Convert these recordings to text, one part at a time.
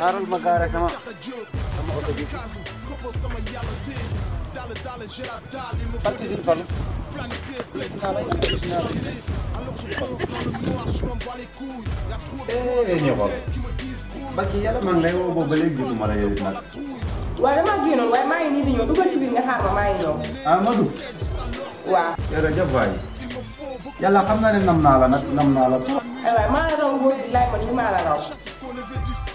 xaaral eh, ma gaare sama sama oto bi parce que suñu fan. Mbacke yàlla maa ngi lay woo ba léegi gisuma la yow nag. waaw damaa génnoon waaye maa ngi nii di ñëw dugal ci biir nga xaar ma maa ngi ñëw. Amadou. waaw. jërëjëf waay. yàlla xam na ne nam naa la nag nam naa la. waaw maa la raw góor laay man ni maa la raw.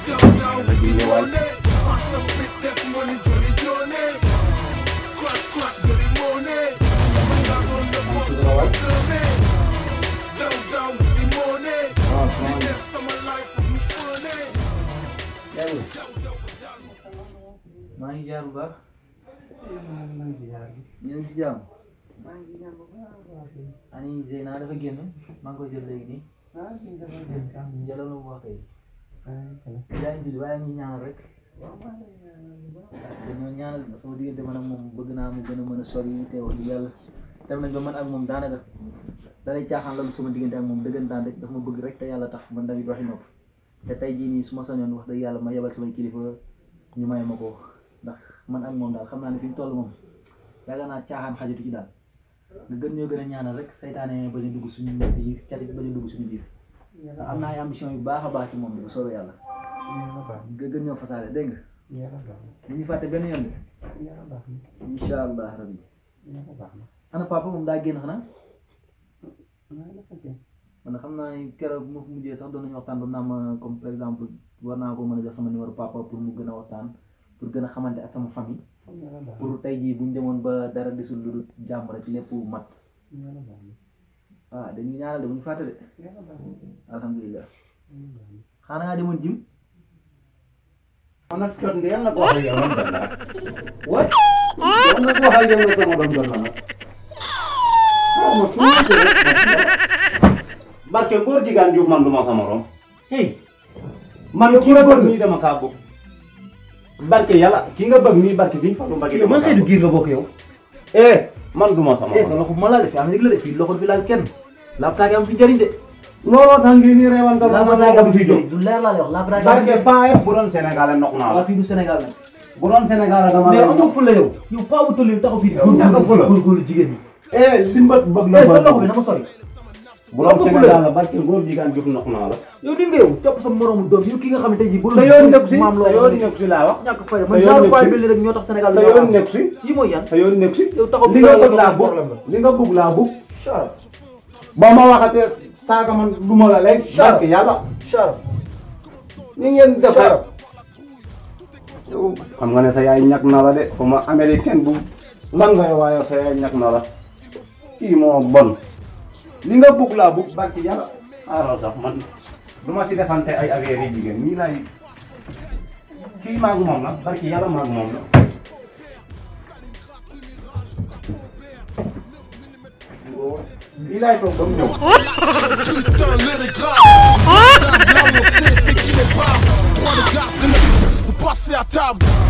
Nine gel bak. Yeni gideceğim. Ani Zainal ke game, mango jelle ini. Ha, tinggal. Jalan apa kayak? Kailangan bilwayan nangyari. Ganyan nga, sa mga di man ang mumbaga na mo ganun man sorry te o dial. teman nagbaman ang mumdana ka. Dari tiyakan lang sa mga ang mumdagan tandik dah mubagrek tayo ala tak bandang Ibrahimov. Kaya tayo gini sumasan yun wakda yala mayabal kiri mga kilifa nyumaya mo ko. Dah man ang mumdal kam na nipin tol mum. Laga na tiyakan hajit kita. Nga ganyan yung ganyan rek, sa itane ba yung dugo sunyong biir, cari ba yung dugo sunyong am naa ay ambition yu baax a baax ci moom de bu soobee yàlla. nga gën ñoo fasaale dégg nga. bu ñu fàtte benn yoon bi. incha allah rabbi. ana papa moom daa génn xanaa. man xam naa ne keroog bu ma fi mujjee sax doon nañu waxtaan doon naa ma comme par exemple war naa ko mën a jox sama numéro papa pour mu gën a waxtaan pour gën a xamante ak sama famille. pour tey jii bu demoon ba dara desul lu dul jàmm rek lépp mat ah dañuy ñaanal de bu ñu fàtte de alhamdulilah xana nga What jim iya, anak oh, con dia nggak kuah yang nonton what nggak kuah yang nonton nonton nonton kamu cuma bakke bor di ganju man duma sama rom hey man kira bor ni dama kabu barke yalla ki nga bëgg ni barke señ fallu mbagge man du giir nga bokk yow eh man duma sama eh sa loxo mala def am rek la def loxo fi la kenn laabutaaga am fi njëriñ de. looloo tax ngeen di réewante ba mu ndox fi jóg. du leer la wax laabutaaga. parce que paa yëpp bu doon Sénégal noq naa la. fii du Sénégal nag. bu doon Sénégal dama. mais amoo fula yow. yow paa bu toll taxaw fii. yow ñàkk a fula góorgóorlu jigéen ñi. eh li mu bëgg na eh, sa loxo bi dama sori. bu doon Sénégal la barke góor jigéen jóg noq naa la. yow di réew topp sa moroomu doom yow ki nga xam ne tey jii. bu maam loolu yoon nekk si laa wax. ñàkk fay man genre poil bi rek ñoo tax Sénégal. sa yoon nekk si yi mooy yan. sa yoon nekk si li nga bëgg laa bëgg li nga bëgg laa bëgg ba ma waxatee saaga man du ma la léegi. barke yàlla. ni ngeen defar. xam nga ne sa yaay ñàkk na la de xaw ma américaine bu lan ngay waaye sa yaay ñàkk na la kii moo bon. li nga bugg laa bugg barke yàlla. alors sax man du ma si defante ay affaire yi jigéen ñii laay kii maa moom la barke yàlla maa ngi moom la. Il oh oh Oh Oh Oh à table.